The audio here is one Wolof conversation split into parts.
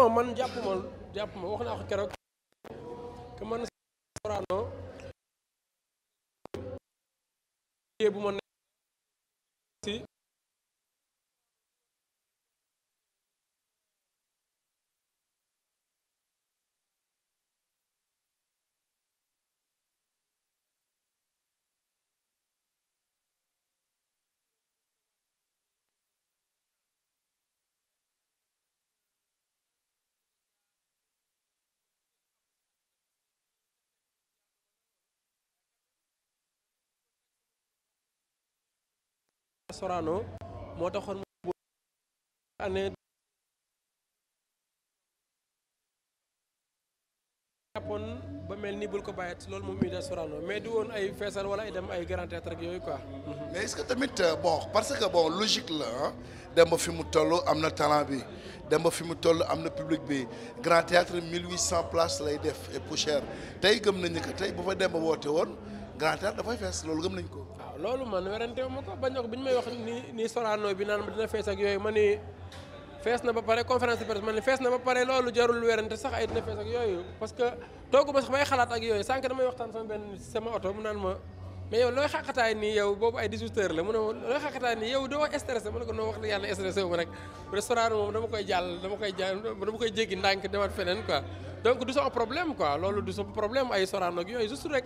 non man jàpp ma jàpp ma wax naa ko keroog que man Sorano si Sorano moo taxoon mu année jàppoon ba mel ni bul ko bàyyet loolu moom idée Sorano mais du woon ay feesal wala ay dem ay grand théâtre ak yooyu quoi mais est-ce que tamit euh, bon parce que bon logique là, hein, dem ba fi Tolo, toll talent bi dem ba fi Tolo, toll public bi grand théâtre 1800 places lay def et pour cher tey gëm nañu que tey bu fa dem ba woote woon grand théâtre dafay fees loolu gëm nañ ko. waaw loolu man werante ma ko bañ a ko bi ñu may na ba pare conférence ma fees na ba pare loolu jarul werante sax ay dina fees ak que toogu ma sax may xalaat ak yooyu sànq damay waxtaan sama benn sama oto mu naan ma. mais yow looy xaqataay nii boobu ay la mu ne looy xaqataay nii yow doo stressé ma ne ko noo wax dëgg yàlla stressé wu ma rek restaurant moom dama koy jàll dama koy jàll ndànk demaat feneen quoi donc du sama problème quoi loolu du sama problème ay Sorano ak yooyu juste rek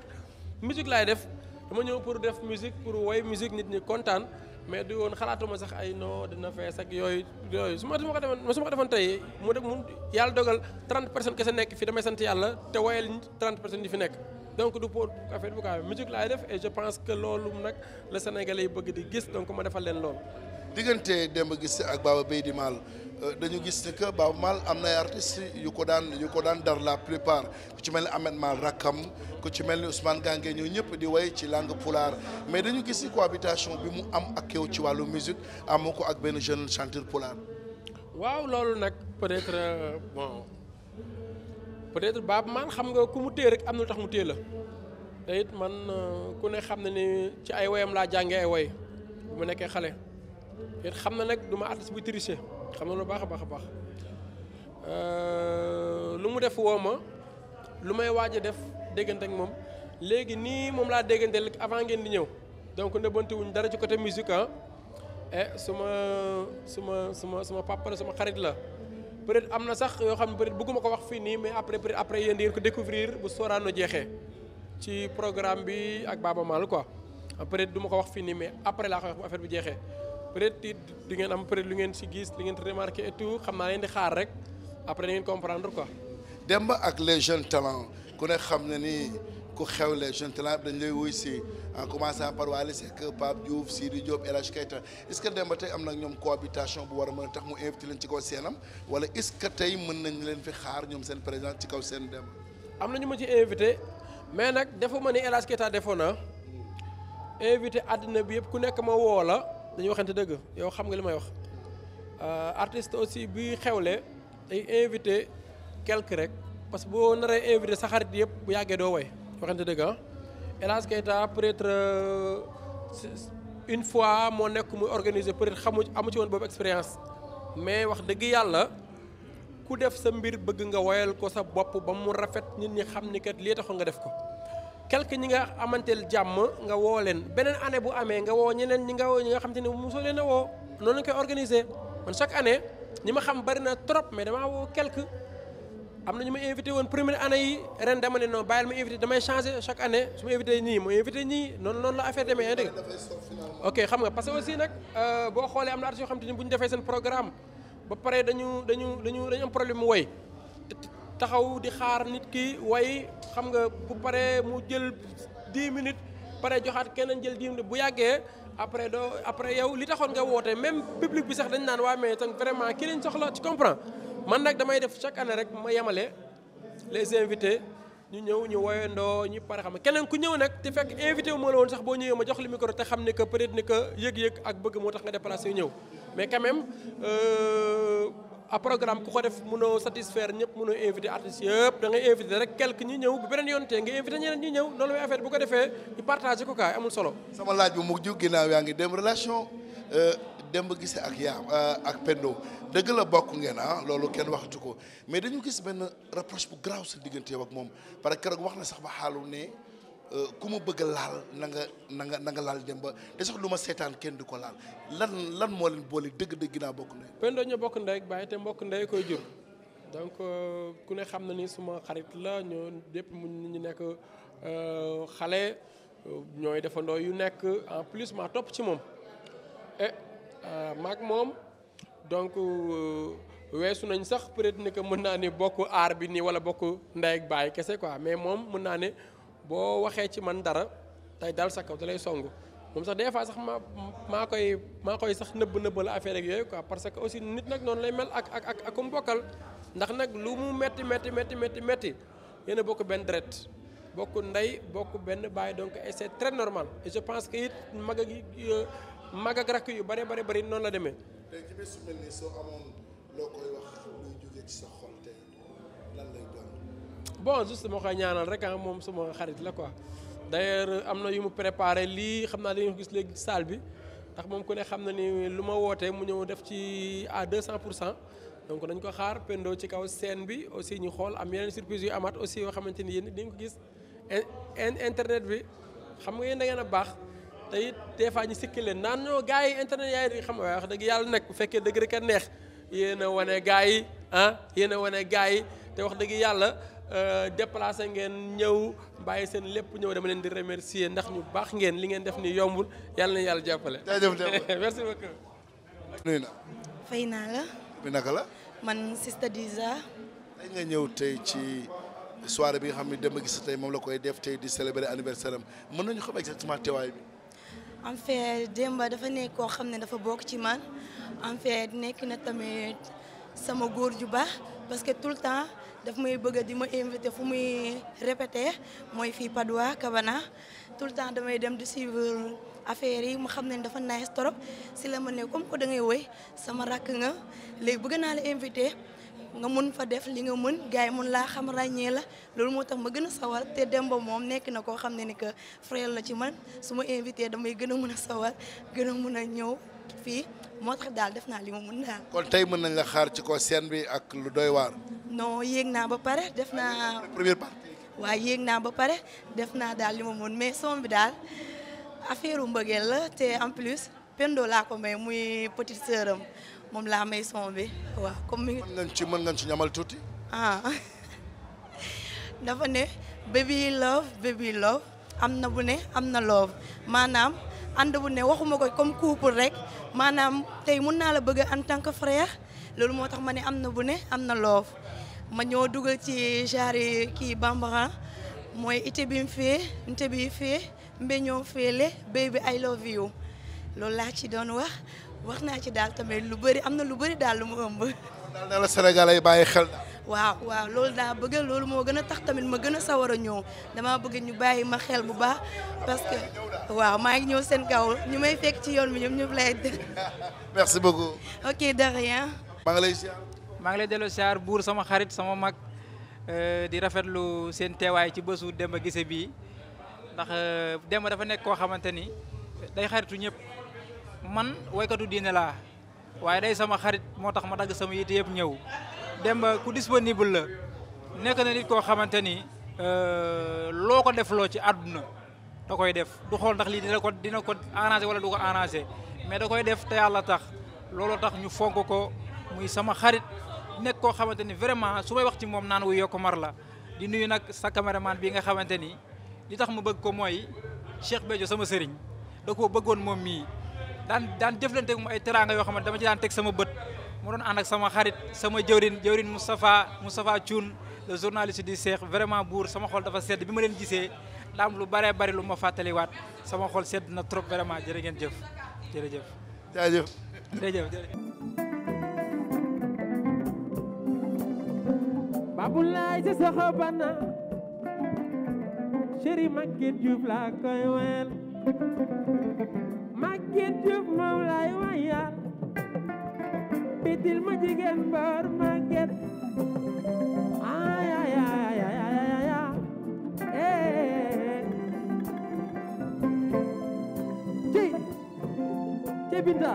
musique laay def dama ñëw pour def musique pour woy musique nit ñi kontaan mais du woon xalaatuma sax ay non dina fees ak yooyu yooyu su ma su ma ko defoon su ma defoon tey mu de mu yàlla dogal 30 personnes kese nekk fii damay sant yàlla te woyal 30 personnes yi fi nekk. donc du pour affaire bu kaay musique laay def et je pense que loolu nag la Sénégalais yi bëgg di gis donc ma defal leen loolu. diggante Demba Guissé ak Baba di mal Euh, dañu gis ne que Baaba am na ay yu ko daan yu ko daan dar la plupart ku ci mel ni Ahmed Maal rakkam ku ci mel ni Ousmane Gange ñoo ñëpp di way ci langue pulaar mais dañu gis ni cohabitation bi mu am ak yow ci wàllu musique amoo ko ak benn jeune chanteur pulaar. waaw loolu nag peut-être euh, être Baaba Maal xam nga ku mu rek am na tax mu téye la te it man euh, ku ne xam na ni ci ay woyam laa jànge ay woy bu ma nekkee xale it xam na nag du ma artiste bu xam na lu baax a baax a baax euh, lu mu def woo ma lu may waaj a def déggante ak moom léegi nii moom laa dégganteel avant ngeen di ñëw donc nëbbantuwuñ dara ci côté musique ah eh suma suma suma suma papa la suma xarit la peut-être am na sax yoo xam ne peut bëgguma ko wax fii nii mais après peut après yéen di ngeen ko découvrir bu Sorano jeexee ci programme bi ak Baaba Maal quoi peut-être du ma ko wax fii nii mais après laa ko wax bu affaire bi jeexee peut-être it di ngeen am peut lu ngeen si gis li ngeen remarqué et tout xam naa leen di xaar rek après da ngeen comprendre quoi. Demba ak les jeunes talents ku ne xam na ni ku xew les jeunes talents dañ lay wuy si en commençant par Wally Seck Pape Diouf Sidi Diop El Hadj Keita est tey am na ñoom cohabitation bu war a mën a tax mu invité leen ci kaw seenam wala est tey mën nañ leen fi xaar ñoom seen président ci kaw seen dem am na ñu ma ci invité mais nag defuma ni El Hadj Keita defoon na invité àddina bi yëpp ku nekk ma woo dañu waxante dëgg yow xam nga li may wax euh, artiste aussi buy xewle ay invité quelque rek parce que boo naree invité sa xarit yëpp bu yàggee doo way waxante dëgg ah El Hadj Keita peut euh, une fois moo nekk muy organiser peut-être xamu amu ci woon boobu expérience mais wax dëgg yàlla ku def sa mbir bëgg nga woyal ko sa bopp ba mu rafet nit ñi xam ni kat lii taxoon nga def ko quelque ñi nga amanteel jàmm nga woo leen beneen anne bu amee nga woo ñeneen ñi nga woo ñi nga xam te ne soo leen a woo noonu lañ koy organiser man chaque année ñi ma xam bari na trop mais damaa woo quelque am na ñu ma invité woon première année yi ren dama ne non bàyyil ma invité damay changé chaque année su ma invité ñii ma invité ñii noonu noonu la affaire demee yaa dégg ok xam nga parce que aussi nag euh, boo xoolee am na artistes yoo xam te ne bu ñu defee seen programme ba pare dañu dañu dañu dañu am problème mu woy taxaw di xaar nit ki way xam nga bu paree mu jël dix minutes pare joxaat keneen jël dix minutes bu yàggee après doo après yow li taxoon nga woote même public bi sax dañ naan waa mais tam vraiment ki lañ soxla tu comprends man nag damay def chaque année rek ma yemale les invités ñu ñëw ñu doo ñu pare xam keneen ku ñëw nag te fekk invité wu ma la woon sax boo ñëwee ma jox li micro te xam ne que peut être ni que yëg-yëg ak bëgg moo tax nga déplacé ñëw mais quand même. Euh, a programme ku ko def mënoo satisfaire ñëpp mënoo invité artistes yëpp da ngay invité rek quelque ñi ñëw bu beneen yoon tee nga invité ñeneen ñi ñëw loolu mooy affaire bu ko defee ñu partagé ko kaay amul solo. sama laaj bu mujj ginnaaw yaa ngi dem relation euh, dem ba gisee ak yaa euh, ak Pendo dëgg la bokk ngeen ah loolu kenn waxatu ko mais dañu gis benn rapproche bu garaaw sa diggante ak moom parce que keroog wax na sax ba xaalu ne. Euh, ku ma bëgg a laal na nga na nga laal dem ba te sax lu ma seetaan kenn di ko laal lan lan moo leen boole dëgg-dëgg ginnaaw bokk ndey. Penda ñu bokk ndey ak bàyyi te mbokk ndey koy jur donc euh, ku ne xam na ni suma xarit la ñoo dépp mu ñu nekk euh, xale ñooy defandoo yu nekk en plus ma topp ci moom e moom donc weesu nañ sax peut-être ni mën naa ni bokk aar bi nii wala bokk ndey ak baay kese quoi mais moom mën naa ne. boo waxee ci man dara tey dal sa kaw da lay song moom sax des fois sax ma maa koy maa koy sax nëbb nëbb la affaire ak yooyu quoi parce que aussi nit nag noonu lay mel ak ak ak ak mu bokkal ndax nag lu mu metti metti metti metti metti yéen bokk benn deret bokk ndey bokk benn baay donc et c'est très normal et je pense que it mag ak euh, mag ak rakk yu bare bare bari noonu la demee. bon juste moo koy ñaanal rek ah, moom suma xarit la quoi d'ailleurs am na yu mu préparé lii xam naa dañoo gis léegi salle bi ndax moom ku ne xam na ni lu ma wootee mu ñëw def ci à 200 pour cent donc nañ ko xaar Pendo ci kaw scène bi aussi ñu xool am yeneen surprise yu amaat aussi yoo xamante ni yéen di nga ko gis internet bi xam nga yéen da ngeen a baax te it des fois ñu sikki leen naan ñoo gars yi internet yaay di xam waaye wax dëgg yàlla nag bu fekkee dëgg rek a neex yéen a wane gars yi ah yéen a wane gars yi te wax dëgg yàlla. Euh, déplacé ngeen ñëw bàyyi seen lépp ñëw dama leen di remercier ndax ñu baax ngeen li ngeen def ni yombul yàlla na yàlla jàppale. jaajëf merci beaucoup. nuyu na. fay naa la. la. man Sista Diza. tey nga ñëw tey ci soirée bi nga xam ne Demba Guissé tey moom la koy def tey di célébrer anniversaire am mën nañu xam exactement teewaay bi. en fait Demba dafa nekk koo xam ne dafa bokk ci man en fait nekk na tamit sama góor ju baax parce que tout le temps. daf may bëgg di ma invité fu muy répété mooy fii Padois Cabana tout le temps damay dem di suivre affaire yi mu xam ne dafa nice trop si la ma ne comme ko da ngay woy sama rakk nga léegi bëgg naa la invité nga mun fa def li nga mën gars yi mun laa xam ràññee la loolu moo tax ma gën a sawar te dem ba moom nekk na koo xam ne ni que frère la ci man su ma invité damay gën a mën a sawar gën a mën a ñëw fii moo tax daal def naa li ma mën daal. kon tey mën nañ la xaar ci ko scène bi ak lu doy waar. non yéeg naa ba pare def naa. première partie. yéeg naa ba pare def naa daal li ma mën mais son bi daal affaire u mbëggeel la te en plus pendoo laa ko may muy petite sœur moom laa may son bi waaw comme. mën nga ci mën nga ci ñamal tuuti. ah dafa ne baby love baby love am na bu ne am na love maanaam. ànd bu ne waxuma ko comme couple rek maanaam tey mun naa la bëgg en tant que frère loolu moo tax ma ne am na bu ne am na loof ma ñoo dugal ci genre kii bambara mooy ité bi mu fee nte bi fee mbeñoo feele baby I love you loolu laa ci doon wax wax naa ci daal tamit lu bëri am na lu bëri daal lu mu ëmb. daal na la Sénégalais bàyyi xel. waaw waaw loolu daa bëgg loolu moo gën a tax tamit ma gën a sawar a ñëw damaa bëgg ñu bàyyi ma xel bu baax parce waaw maa ngi ñëw seen kaw ñu may fekk ci yoon bi ñoom ñëpp lay def. merci beaucoup. ok de rien. ngi lay ziar. maa buur sama xarit sama mag euh, di rafetlu seen teewaay ci bésu a gise bii ndax euh, Demba dafa nekk koo xamante ni day xaritu ñëpp man waykatu diine laa waaye day sama xarit moo tax ma dagg sama yite yëpp ñëw. Demba ku disponible la nekk na nit koo xamante ni euh, loo ko defloo ci àdduna da koy def du xool ndax lii dina ko dina ko arrangé wala du ko arrangé mais da koy def te yàlla tax looloo tax ñu fonk ko muy sama xarit nekk koo xamante ni vraiment su may wax ci moom naan wu yokk mar la di nuyu nag sa caméraman bi nga xamante ni li tax ma bëgg ko mooy Cheikh Béthio sama sëriñ da koo bëggoon moom mii daan daan jëflante ak mu ay teraanga yoo xamante dama ci daan teg sama bët mu doon ànd ak sama xarit sama jëwrin jëwrin Moustapha Moustapha Thioune le journaliste du Cheikh vraiment buur sama xol dafa sedd bi ma leen gisee daa lu bëree bëri lu ma fàttaliwaat sama xol sedd na trop vraiment jërë ngeen jëf jërëjëf. jaajëf jërëjëf jërëjëf. Baboulaye si saxa bana chéri Maguette Diouf laa koy weel Maguette Diouf moom laay wayal bitil ma jigéen mbar màgget ay ay ay ay ay ci eh. ci binta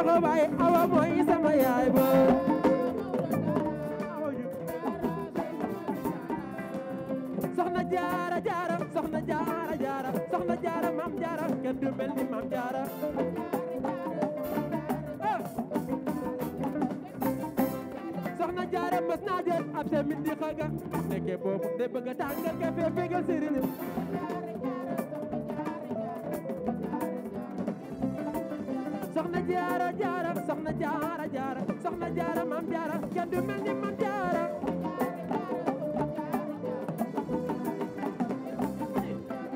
ko baay soxna jaara jaara soxna jaara jaara soxna jaara maam jaara kenn du mel ni maam jaara soxna jaara mas naa ab seen mi di boobu de bëgg a tàngal kafe fegal jaara jaara soxna jaara jaara soxna jaara maam jaara kenn du mel ni maam jaara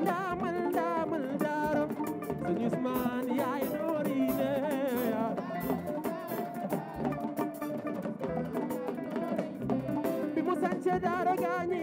ndaamal ndaamal jaara suñu Usmaan yaay noorine bi mu sance daara gaañi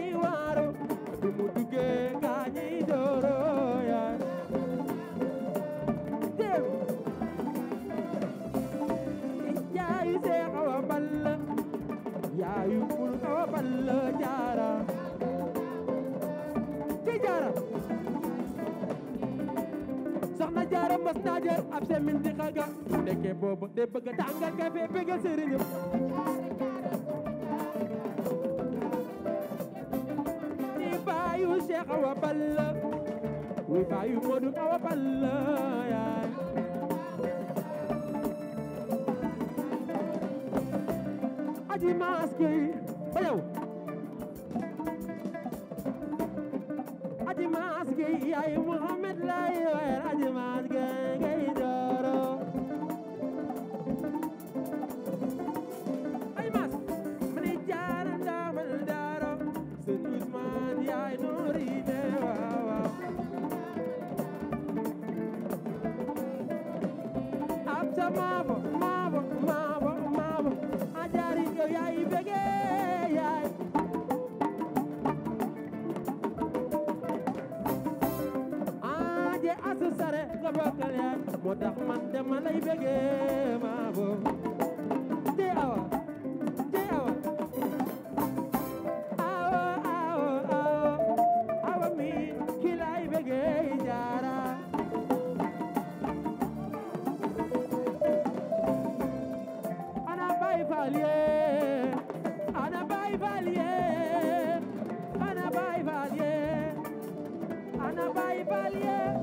mas naa jël ab semin di xaga ndeke boobu de bëgg a tàngal kafe bëgga sëriñam di baayu Cheikh Awa Balla wi baayu Modou Awa Balla yaay aji masque yi ba yow aji masque yi yaay mu Ablaye waaye rajo maas genge sabaka leen moo tax mi ki lay ana bay faal ana bay faal ana bay faal ana bay faal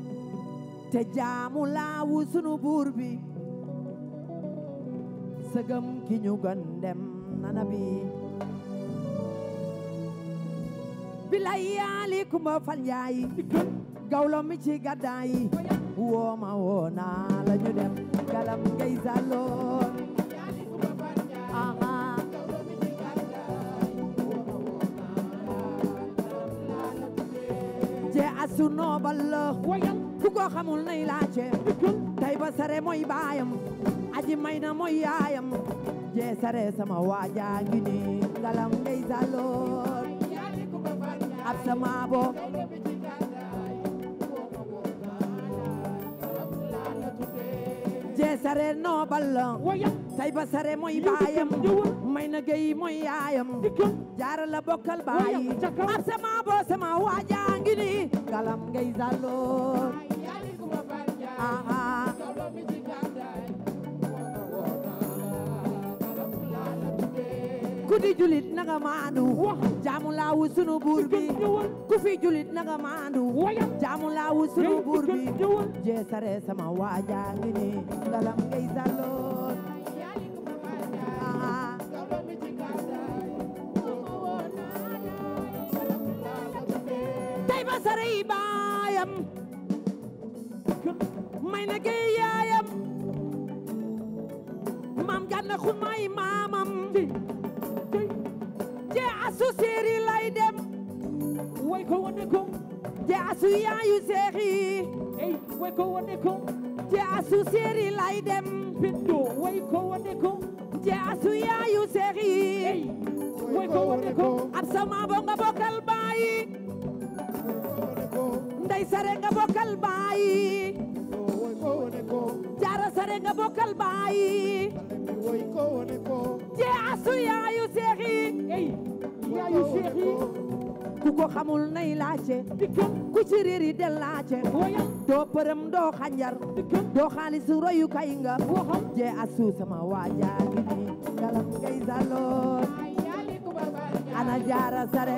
te jaamu laawu sunu buur bi sëgëm ki ñu gën dem na nabi bilay yaali kumba fal njaay gawlo mi ci gaddaay wooma woona la ñu dem galam gay saloon je asunoo balla ku ko nay laace tay ba sare mooy baayam aji may na yaayam jee sare sama waajaa ngi ni ngalam jee sare noo balla tay ba sare mooy baayam may na gey yaayam jaara la bokkal baayi ab sama bo sama waajaa ngi ni ngalam ku julit naga manu, jamu laawu sunu burbi. Kufi julit naga manu, jamu laawu sunu burbi. bi sama wajang ini dalam ngalam Tiba saloon xumay maamam je asu séeri lay dem way ko wone ko je asu yaayu seexi ey way ko wone ko je asu asu yaayu seexi ey way ko wone ko ab sama bonga bo te asu yaayu seex ku ko xamul nay laace ku ci yi del laace doo përëm doo xanjar doo xaalis royu kay nga je asu sama waaja gi galam ngay zaloon ana jaara sare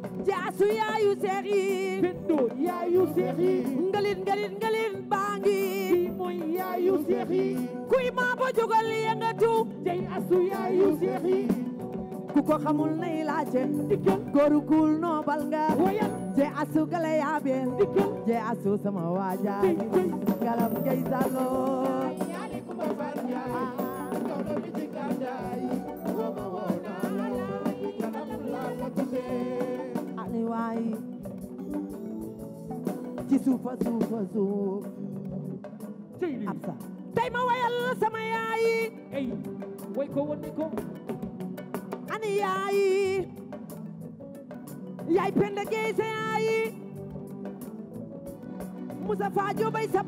ya yu seri ya yu seri ngalin ngalin ngalin bangi moy yu seri kuy ma ba jogal tu jey asu yu seri ku ko xamul nay goru kul no noobal nga je asu gale yaabe je asu sama waja galam ngay salo suufa suufa suuf tey ma wayal sama yaayi ey way ko woni ko yaayi yaay penda gey yaayi musa faa joobay sa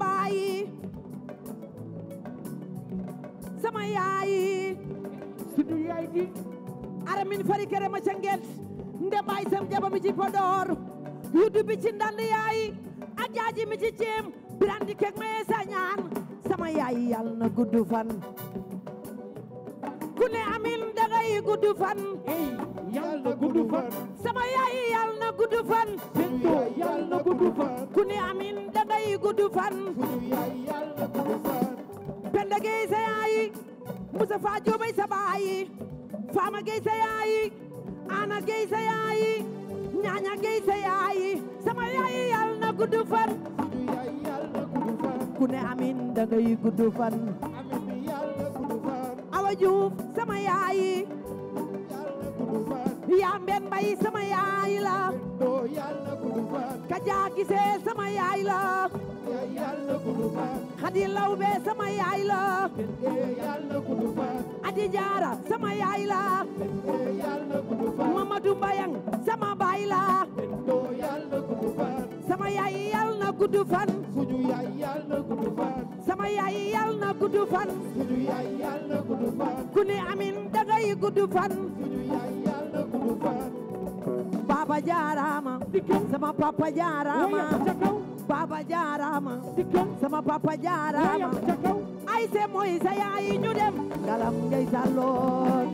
sama yaayi sunu yaay di aramin fari kere ma cengel nde baay sam jaba mi ci Podor duudu bi ci ndand yaay mi ci ceem birandi kek maye sa ñaan sama yaay yal na gudd fan ku ne amin dangay eh, gudd fan sama yaay yal na gudd fan sendo yal na gudd fan ku ne amin dangay gudd fan sunu yaay yal na gudd fan faama gey sa yaay ana gey ñaña gey sama yaayi yal na gudd fan ku ne amin da gudd fan awa sama yaayi yaa mben sama yaay la ka sama yaay la xadi lawbe sama yaay la adi jaara sama yaay la Kudufan, fan suñu yaay yal na gudd sama yaay yal na gudd fan suñu yaay yal na gudd kuni amin dagay kudufan, fan suñu yaay yal na gudd baba jarama jaarama sama papa jarama baba jaarama sama papa jarama ay se mooy sa yaay ñu dem dalam ngay saloon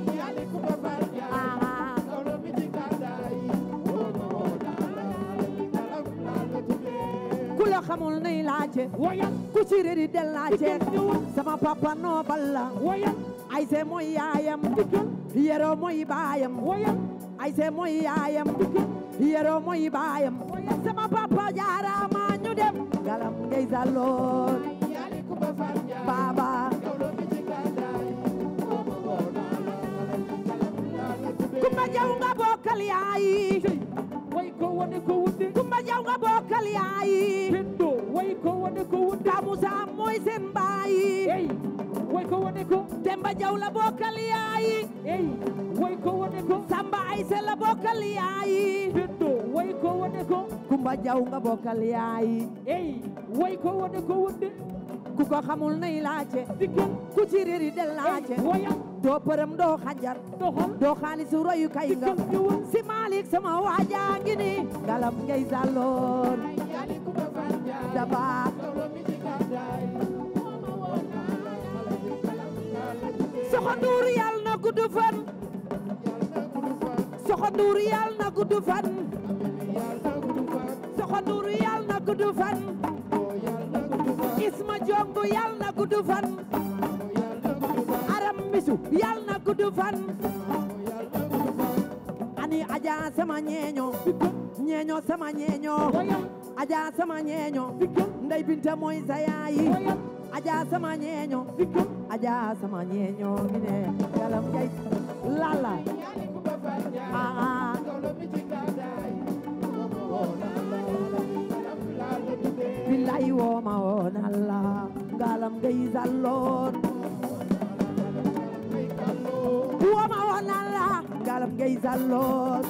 loo xamul nay kumba jaw nga bokkal yaayi yaayi ko wone ko wone Pa Moussa mooy ey way ko wone ko Demba la bokkal yaayi ey way ko wone ko Samba Ayse la bokkal yaayi beddo way ko wone ko Kumba Jaw nga ey way ko wone ko wone ku xamul nay laaje ku ci yi del laaje eh, do përëm do xanjar doo xaalis royu kay nga si Malik sama waja ngi ni galam ngay zalor daba soxo nduur yal na gudd fan soxo nduur yal na gudd fan fan Isma Jongu aram misu yal na gudd fan ani aja sama ñeeño ñeeño sama ñeeño aja sama ñeeño ndey binta mooy sa yaayi aja sama ñeeño aja sama ñeeño mi ne yalam jay lala ah, ah. woma on Allah ngalam ngay zallon woma on Allah ngalam ngay zallon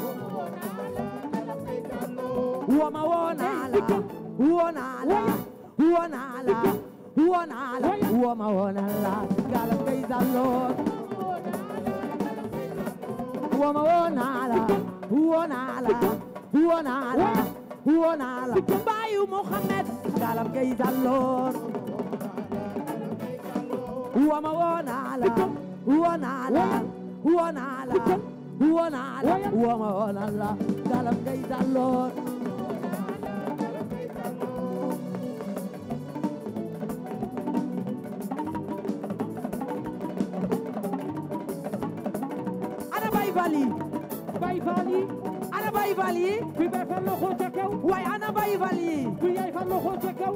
woma on Allah won Allah won Allah won Allah woma on Allah ngalam ngay zallon woma on Allah won Allah won Allah won Allah bayu Muhammad لبيك اللور هو ما وانا على وانا على وانا على وانا على هو ما وانا على ده لبيك اللور انا باي فالي باي فالي انا باي فالي في بيفلو خوتك واي انا باي فالي ma xool ca kaw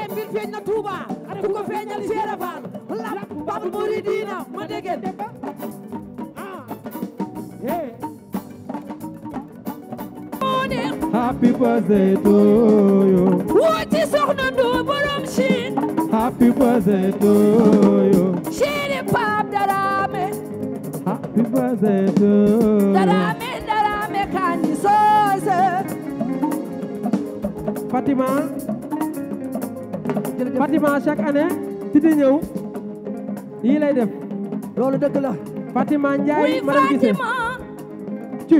e mbir feeñ na Touba ku ko feeñal seera du borom Chine Happy birthday to you Chine Pape Darame Happy birthday to you Fatima chaque année eh? dina ñew yi lay def lolu deug la Fatima Ndiaye madame gisse ci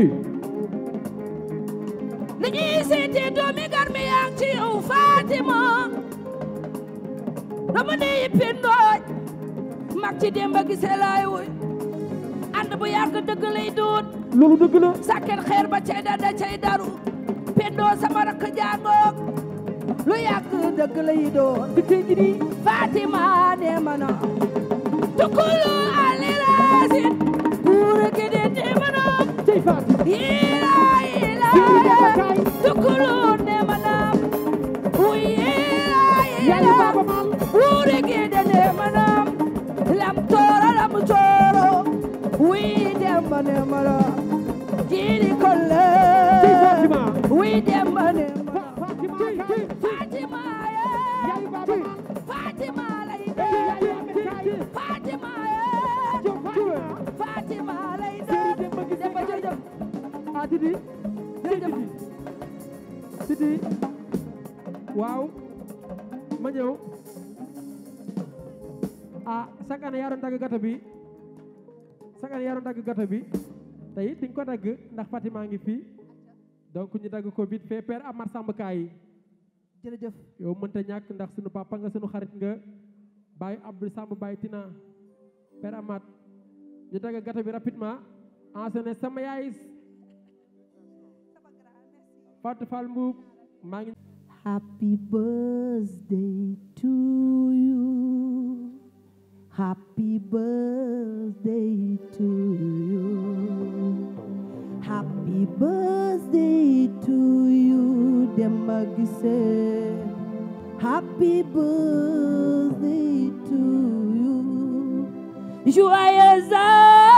li sété seetee garmi yaa ci yow Fatima dama ne yippin mak ci Demba gisse lay wuy and bu yàgg deug lay doon lolu deug la sàkket xeer ba cay da da daru pendo sama rakk jàngoog lu yàgg dëgg lay doon Fatima ne mana tukulu ali rasin buur gi di ne mana ila ila tukulu ne mana ila ila buur gi di ne mana lam tooro lam tooro wi dem ne mana jili kolle wi dem Sidi Sidi Sidi waaw ma ñëw ah sakane yaa doon dagg gata bi sakane yaa doon dagg gata bi tey di ko dagg ndax Fatima ngi fii donc ñu dagg ko vite fait Amar Samb kaay jërëjëf yow mënta ñàkk ndax sunu papa nga sunu xarit nga Baye Abdou Samb Baye Tina père Amar ñu dagg gata bi rapidement enchaîné sama yaay Happy birthday to you. Happy birthday to you. Happy birthday to you, Demagise. Happy birthday to you. Joyeuse.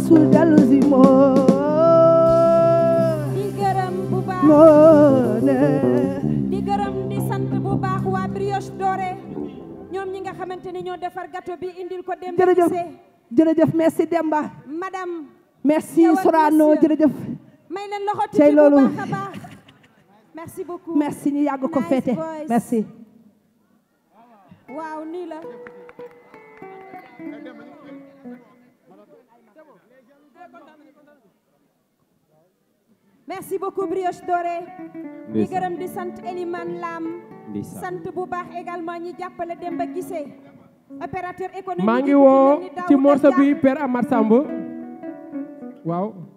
mësul dellu di gërëm bu baax moo di gërëm di sant bu baax waa brioche dorée ñoom ñi nga xamante ni ñoo defar gato bi indil ko Demba jërëjëf jërëjëf merci Demba madame merci Sorano jërëjëf may leen loxo tey bu baax a baax merci beaucoup merci ñu yàgg ko féete merci waaw nii la merci beaucoup Brioche Doré di gërëm di sant Elimane Lam sant bu baax également ñi jàppale Demba Guissé opérateur économique maa ngi woo ci morceau bi Père Amar Samb waaw